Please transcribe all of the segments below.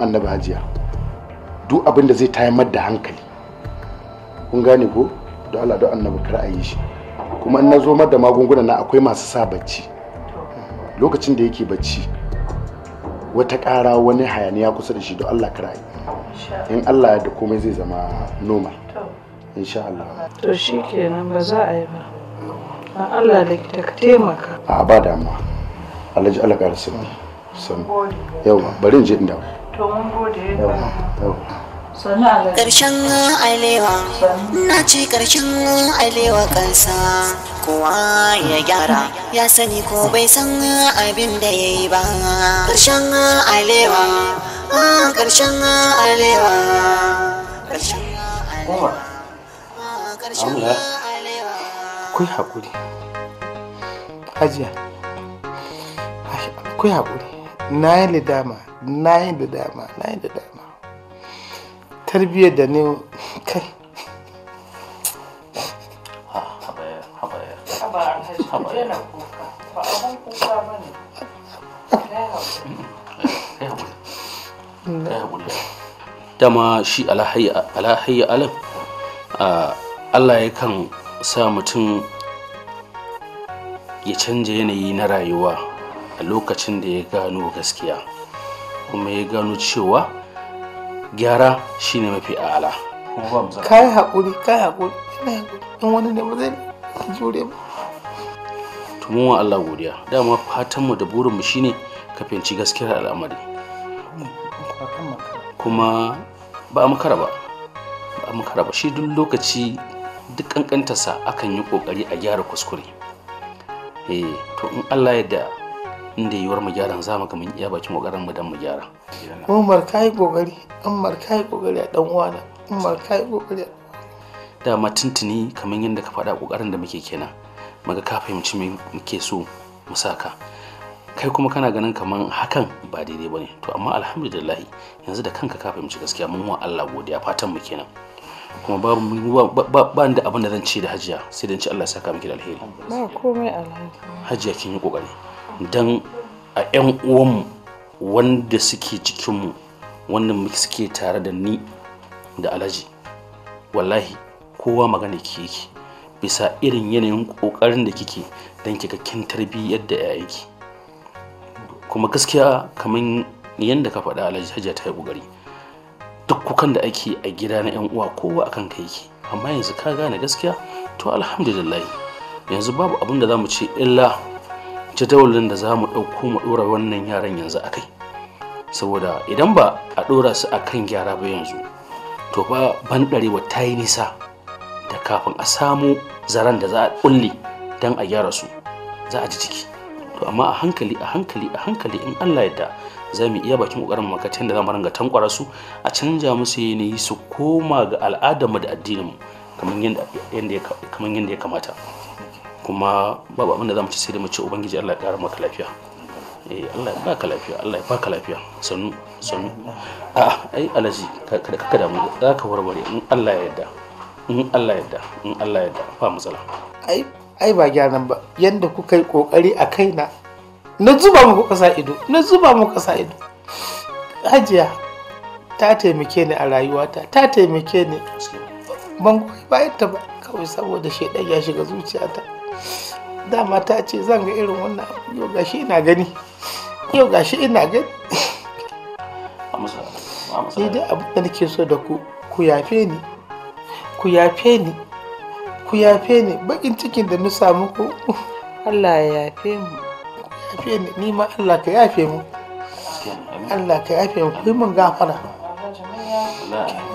annabi hajiya duk abin da zai tayar da hankali kun gane ko da Allah da annabi kar a yi shi kuma in na zo da magunguna na akwai masu sa bacci lokacin da yake bacci wata ƙara wani hayaniya kusa da shi don Allah kar a yi in Allah da komai zai zama normal insha Allah to shikenan ba za a yi ba dan Allah da ka taimaka a ba damuwa Alhaji Allah ƙarsu sanu yawa bari in je inda dawo Karshen alewa, na ce karshen alewa kansa, kowa ya gyara, ya sani ko bai san abin da ya yi ba. Karshen alewa, ah, karshen alewa, karshen alewa, ah, karshen alewa. haƙuri, hajiya, haƙuri, na yi lidama. na yi da dama na yi da dama tarbiyyar da ne kai dama shi alahayya alam allah ya kan sa mutum ya canja yanayi na rayuwa a lokacin da ya gano gaskiya kuma ya gano cewa gyara shine mafi ala kai haƙuri kai haƙuri in wani ne ba zai jure ba tumun wa Allah godiya dama fatanmu da mu shine ka fenci gaskiyar al'amari kuma ba mu makara ba ba mu kara ba shi duk lokaci duk kankantarsa akan yi kokari a gyara kuskure eh to in Allah ya da inda yiwuwar mu gyara za mu ga mun iya bakin kokarin mu dan mu gyara Umar kai kokari Umar kai kokari a dan uwana Umar kai kokari da ma tuntuni kamar yadda ka faɗa kokarin da muke kenan muga ka fahimci me muke so mu saka kai kuma kana ganin kamar hakan ba daidai bane to amma alhamdulillah yanzu da kanka ka fahimci gaskiya mun wa Allah godiya fatan mu kenan kuma babu ba da abin da zan ce da hajiya sai dan ci Allah ya saka miki da alheri ba komai alhamdulillah hajiya kin yi kokari don a 'yan uwanmu wanda suke cikinmu wannan suke tare da ni da alaji wallahi kowa magana ke yake bisa irin yanayin ƙoƙarin da kike don kika kin tarbiyyar da 'ya'yanki kuma gaskiya kamar yadda ka faɗa alhaji hajiya ta yi ƙoƙari duk kukan da ake a gida na 'yan uwa kowa akan ka yake amma yanzu ka gane gaskiya to alhamdulillah yanzu babu abin da za mu ce illa jadawalin da za mu ɗauko mu ɗora wannan yaran yanzu a kai saboda idan ba a ɗora su a kan gyara ba yanzu to ba banɗarewa ta yi nisa da kafin a samu zaran da za a ƙulle don a gyara su za a ji ciki to amma a hankali a hankali a hankali in allah yadda za mu iya bakin ƙoƙarin makatan da za mu ringa tankwara su a canja musu yanayi su koma ga al'adarmu da addininmu kamar yadda ya kamata kuma babu abin da za mu ci sai da mu ci ubangiji Allah ya ƙara maka lafiya eh Allah ya baka lafiya Allah ya baka lafiya sanu sanu a ai alaji kada ka damu za ka warware in Allah ya yarda in Allah ya yarda in Allah ya yarda ba matsala ai ai ba nan ba yanda kuka yi kokari a kaina na zuba muku kasa ido na zuba muku kasa ido hajiya ta taimake ni a rayuwata ta taimake ni ban goyi bayan ta ba kawai saboda shaidan ya shiga zuciyata dama ta ce zan ga irin wannan yau gashi ina gani yau gashi ina gani ni dai abin da nake so da ku ku yafe ni ku yafe ni ku yafe ni bakin cikin da na samu ku Allah ya yafe mu yafe ni ni ma Allah ka yafe mu Allah ka yafe mu ku yi min gafara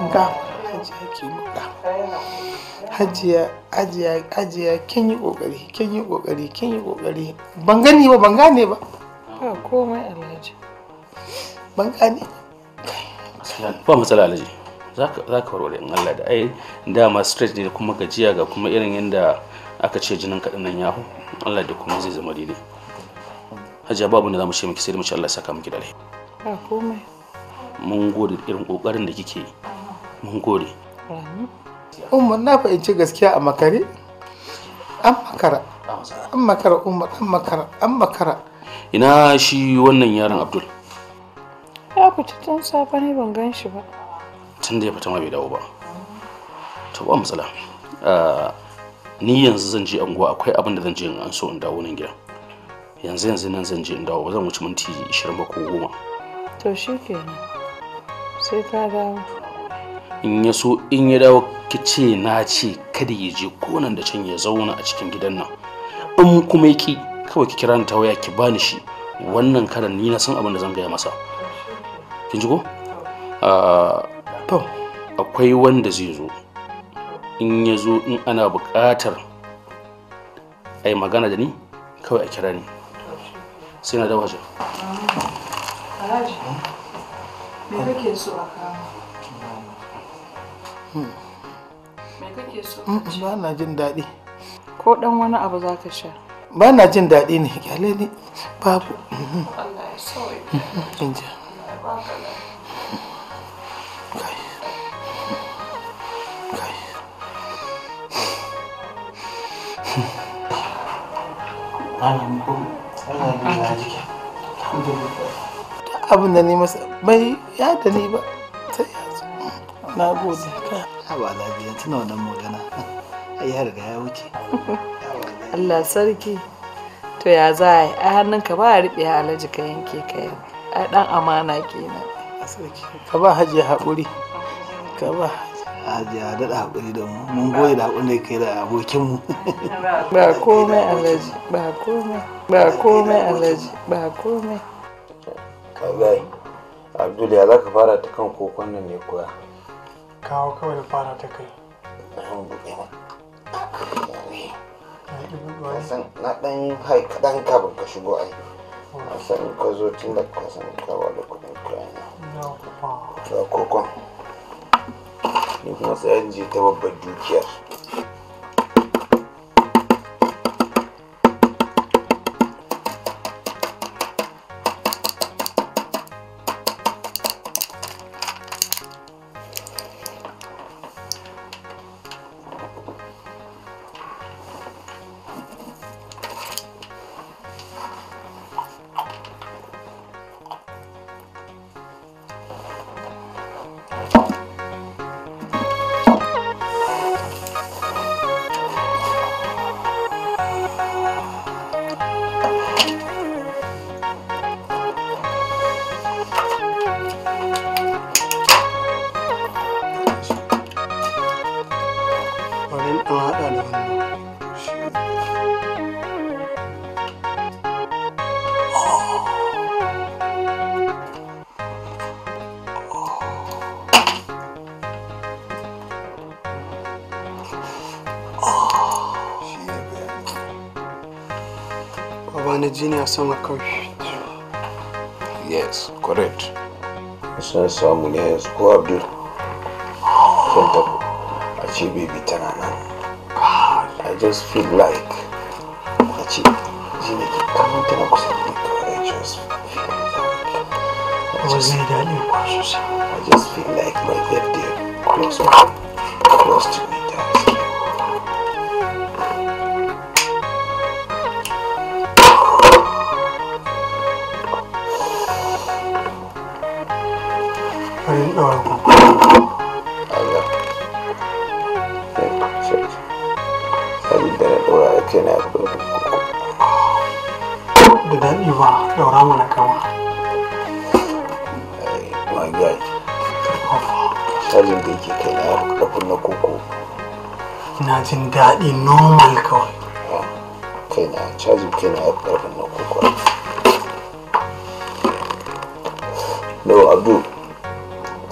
mu hajiya ajiya ajiya kin yi kokari kin yi kokari kin yi kokari ban gani ba ban gane ba ba komai alhaji ban gane ba matsala alhaji za ka warware in Allah da ai dama stress ne kuma gajiya ga kuma irin yadda aka ce jinin kaɗan nan yahu Allah da kuma zai zama daidai hajiya babu da za mu ce miki sai da mu ce Allah saka miki da alheri ba komai mun gode irin kokarin da kike yi mun gode umar na fahimci gaskiya a makare an makara an makara umar an makara an makara ina shi wannan yaron abdul ya fita tun safe ne ban gan shi ba tun da ya fita ma bai dawo ba to ba matsala ah, ni yanzu zan je anguwa akwai abin da zan je in an so in dawo nan gida yanzu yanzu nan zan je in dawo zan wuce minti 20 ko 10 to shi kenan, sai ka dawo in ya so in ya dawo ki ce na ce kada ya je konan da can ya zauna a cikin gidan nan in kuma ki kawai ki kira ta waya ki bani shi wannan karan ni na san abin da zan gaya masa kin ji ko ah, to akwai wanda zai zo in ya zo in ana buƙatar a yi magana da ni kawai a kira ni sai na dawo wajen alhaji me kake so a kawo Mm, ba na jin daɗi. Ko ɗan wani abu za ka sha? Ba na jin daɗi ne, kyale ne. Babu. Allah ya mm-hmm. Allah ya ji Abin da ni masa bai ni ba. Sai ya na gode ka haba lafiya tuna wannan magana ai har ga ya wuce Allah sarki to ya za a yi a hannunka ba a riɓe alaji ka yanke ka yau a ɗan amana kenan ka ba hajiya haƙuri ka ba hajiya daɗa haƙuri da mu mun goyi da haƙuri da kai da abokinmu ba komai alaji ba komai ba komai alaji ba komai ka zai abdul ya za ka fara ta kan kokon nan ne kuwa kawo kawai e. na fara ta kai na ɗan yi hai kaɗan kafin ka shigo ai na san ka zo tun da ka san da kuɗin kayan na kuma sai je ta babbar dukiyar Parin a haɗa da Virginia sama kawai. Yes, correct. Sun samu ne yanzu ko Abdul. Sun tafi. A ce baby tana nan. I just feel like a ce Virginia ke kamar tana kusa da ni kawai. I just feel like. Ba zai daɗi ba sosai. I just feel like my birthday close, close to me. Allah abin da na ɗora a kai na da daɗi ba ɗaura my shalin da yake kai na ɗakun na koko na jin daɗi normal kawai kai na cajin kai na na koko no abdul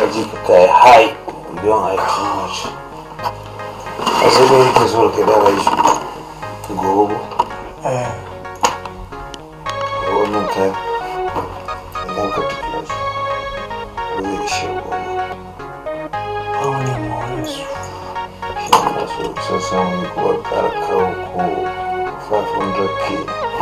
Egyik kell, hi, Bjorn, egy kicsit. Az egyik az valaki bele is go. Jó, nem kell. Nem kell tudni. Ő is jó volna. Ahogy nem van ez. Sajnos, hogy szeszem, amikor kell kell, akkor 500 kill.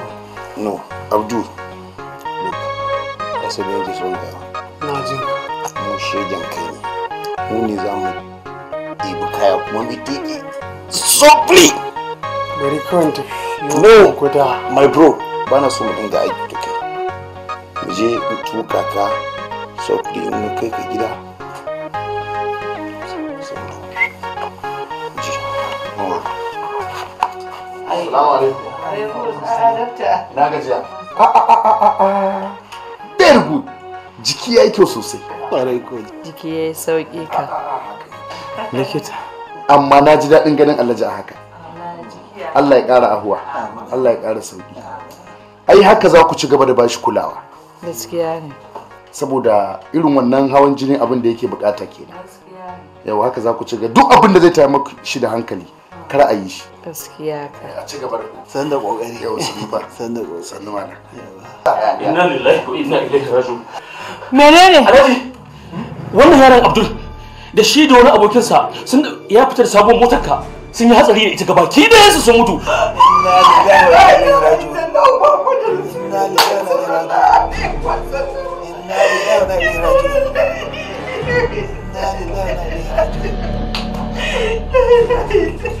No, Abdul. Look, ka san yadda son gaya. Na ji. Mu shaidan kai ne. Mu ne za mu ɗibi kaya kuma mu ɗiɗi. Sopli! Bari kawai ta No, guda. my bro, bana so mu dinga aiki da kai. Mu je mu tuka ka sopli mu kai ka gida. Salamu alaikum. na gajiya ah, ah, ah, jiki ya yi kyau sosai jiki ya yi sauƙi ka likita amma na ji daɗin ganin alhaji a haka Allah ya ƙara ahuwa Allah ya ƙara sauƙi ai haka za ku ci gaba da bashi kulawa gaskiya ne saboda irin wannan hawan jini abin da yake bukata kenan yau haka za ku ci gaba duk abin da zai taimaka shi da hankali kar a yi shi ka a ci gaba san da kokari yau sun ba san da kokari san da mana inna lillahi wa inna ilaihi raji'un menene alhaji wannan yaron abdul da shi da wani abokinsa ya fitar sabon motar ka sun yi hatsari da ita gaba ki da mutu inna lillahi wa inna ilaihi raji'un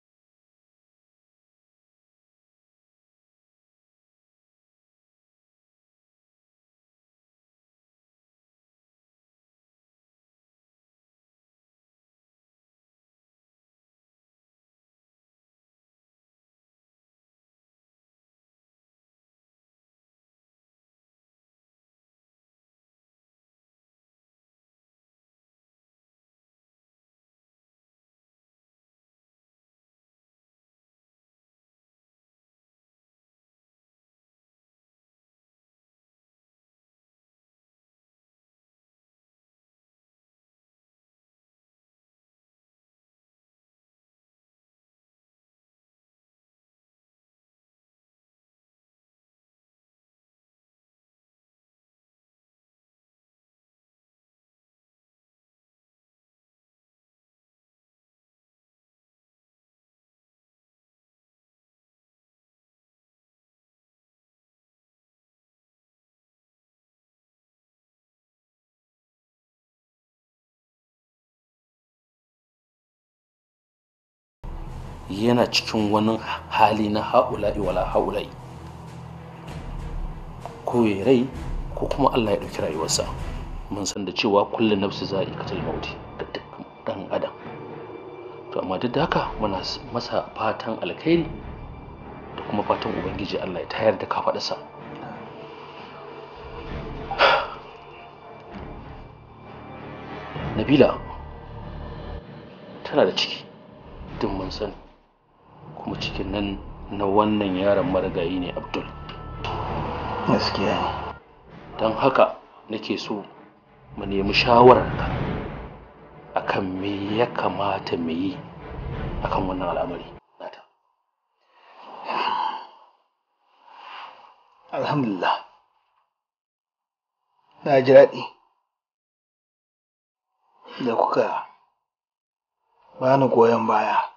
yana cikin wani hali na ha'ula'i wala ha'ula'i ko ya rai ko kuma Allah ya ɗauki rayuwarsa mun san da cewa kullum nafsi za a katal mauti da ɗan adam to amma duk da haka muna masa fatan alkhairi da kuma fatan ubangiji Allah ya tayar da kafaɗarsa Nabila tana da ciki duk mun sani kuma cikin nan na wannan yaron marigayi ne abdul gaskiya ne don haka nake so mu nemi shawararka akan me ya kamata mu yi akan wannan al'amari nata alhamdulillah na ji daɗi da kuka bani goyon baya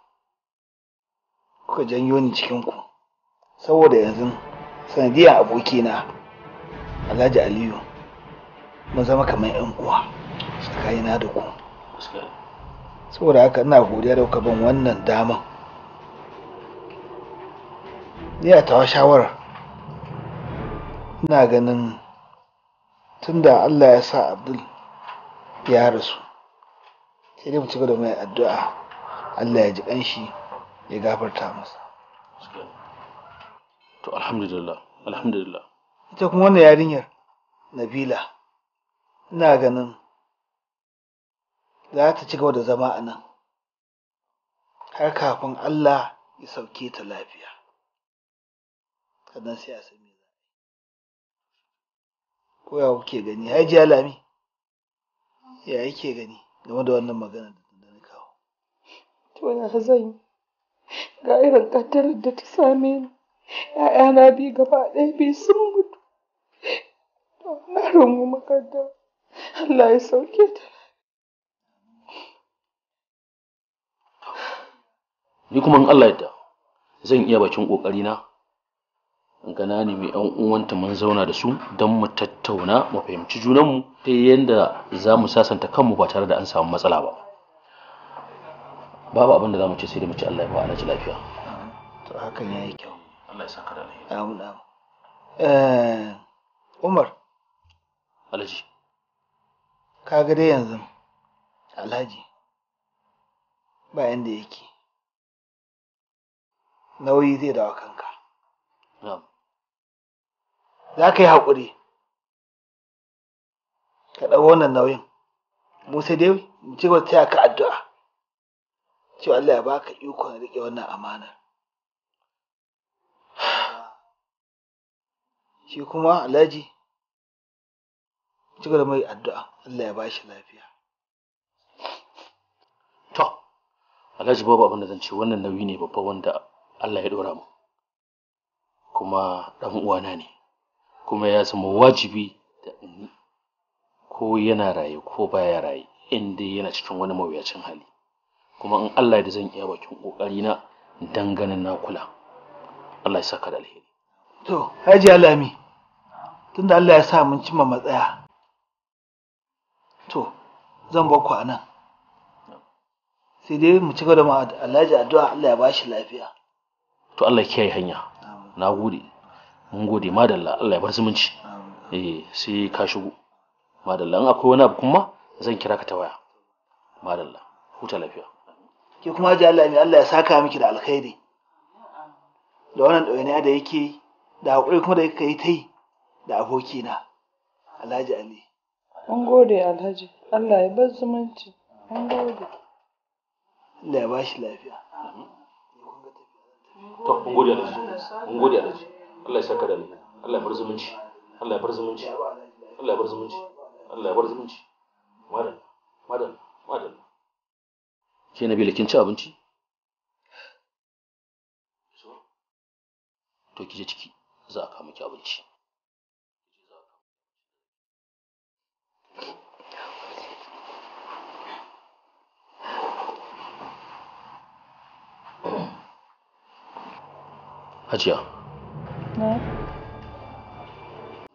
kuka janyo ni cikinku saboda yanzu sanadiyar abokina alhaji aliyu mun zama kamar yan uwa tsakanina da ku saboda haka ina godiya da kuka ban wannan daman ni a tawa shawara ina ganin tunda allah ya sa abdul ya rasu sai dai mu ci gaba da mai addu'a allah ya ji ƙanshi ya gafarta masa to alhamdulillah alhamdulillah ita kuma wannan yarinyar nabila ina ganin za ta ci gaba da zama a nan har kafin allah ya sauke ta lafiya sannan sai a sami ko ya kuke gani hajiya lami ya yake gani game da wannan magana da na kawo to ga irin ƙaddarar da ta same ni ‘ya'yana biyu gaba ɗaya biyu sun mutu na rungu makaddara Allah ya sauke ta ni kuma in Allah ya zan iya bakin ƙoƙarina ga na nemi yan uwanta mun zauna da su don mu tattauna mu fahimci junanmu ta yadda za mu sasanta kanmu ba tare da an samu matsala ba babu abin da za mu ce sai da mu ci Allah ya ba alaji lafiya to hakan yayi kyau Allah ya saka da alheri amin amin eh Umar Alhaji ka ga dai yanzu Alhaji ba yanda yake nauyi zai dawo kanka za ka yi haƙuri ka ɗau wannan nauyin mu sai dai mu ci gaba ta ka addu'a cewa Allah ya baka ikon riƙe wannan amana shi kuma alhaji ci da mai addu'a Allah ya shi lafiya to alhaji babu abin da zan ce wannan nauyi ne babba wanda Allah ya dora mu kuma ɗan uwana ne kuma ya zama wajibi da ko yana raye ko baya raye inda yana cikin wani mawuyacin hali kuma in Allah da zan iya bakin kokari na danganin na kula Allah ya saka da alheri to haji alami tunda Allah ya sa mun cimma matsaya to zan bar ku anan sai dai mu ci gaba da ma Alhaji addu'a Allah ya bashi lafiya to Allah ya kiyaye hanya na gode mun gode madalla Allah ya bar zumunci eh sai ka shigo madalla in akwai wani abu kuma zan kira ka ta waya madalla huta lafiya Ki kuma ji Allah ne Allah ya saka miki da alkhairi da wannan ɗawainiya da yake da haƙuri kuma da yake yi ta yi da abokina Alhaji Ali. An gode Alhaji, Allah ya bar zumunci, an gode. Allah ya bashi lafiya. To, an gode Alhaji, an gode Alhaji, Allah ya saka da ni, Allah ya bar zumunci, Allah ya bar zumunci, Allah ya bar zumunci, Allah ya bar zumunci. Madan, madan, madan. ke na kin ci abinci to ki je ciki za a kama ki abinci Hajiya.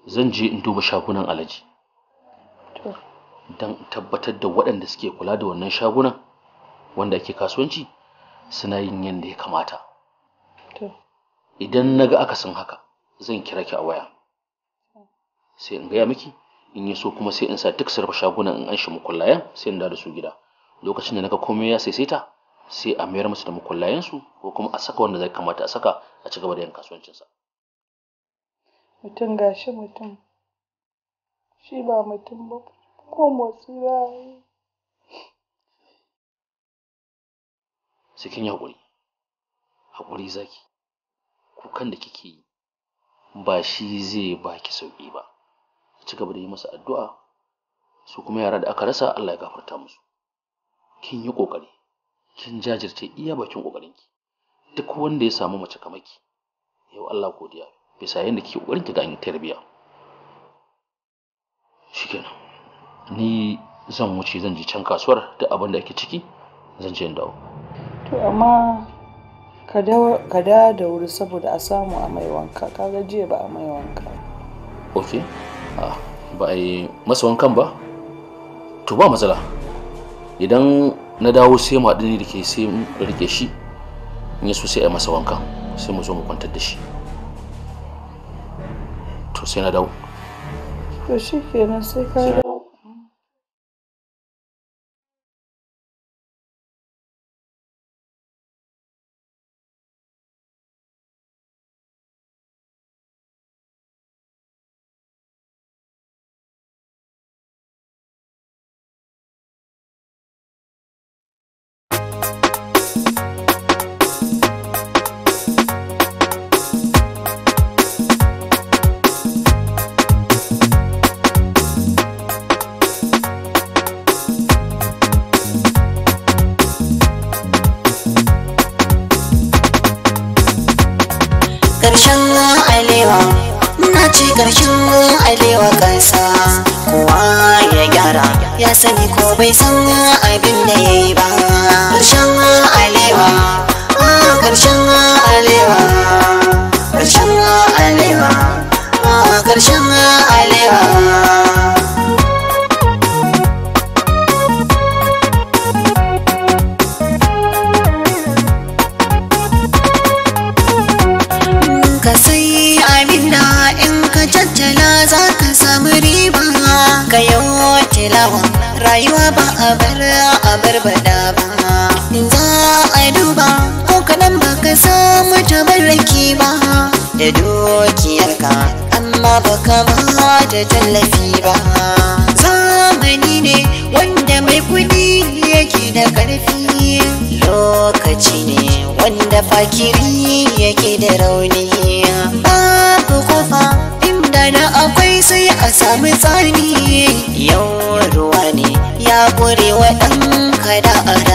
Zan je in duba shagunan alaji. Don tabbatar da waɗanda suke kula da wannan shagunan wanda ake kasuwanci suna yin yadda ya kamata idan na ga akasin haka zan kira ki a waya sai in gaya miki in yi so kuma sai in sa duk sarfa shagunan in an shi mukullayen sai in da su gida lokacin da naga komai ya saisaita sai a mayar musu da mukullayen su ko kuma a saka wanda zai kamata a saka a ci gaba da yin kasuwancinsa mutum gashi mutum shi ba mutum ba ko motsi ba sai kin yi haƙuri haƙuri zaki kukan da kike yi ba shi zai baki sauƙi ba ci gaba da yi masa addu'a su kuma yara da aka rasa Allah ya gafarta musu kin yi ƙoƙari kin jajirce iya bakin ki. duk wanda ya samu mace kamar ki yau Allah godiya bisa yadda kike ƙoƙarin ki ga an tarbiya shikenan ni zan wuce zan je can kasuwar da abin da ake ciki zan je in dawo to amma ka da da wuri saboda a samu a mai wanka kaga jiya ba a mai wanka ok ba a yi masa wankan ba to ba matsala idan na dawo sai mu haɗu ne da ke sai rike shi in yi sai a yi masa wankan sai mu zo mu kwantar da shi to sai na dawo to shi kenan sai ka 相啊。fakiri yake da rauni babu kofa inda na akwai sai a sami tsani yau ruwa ne ya bure wa ɗan kada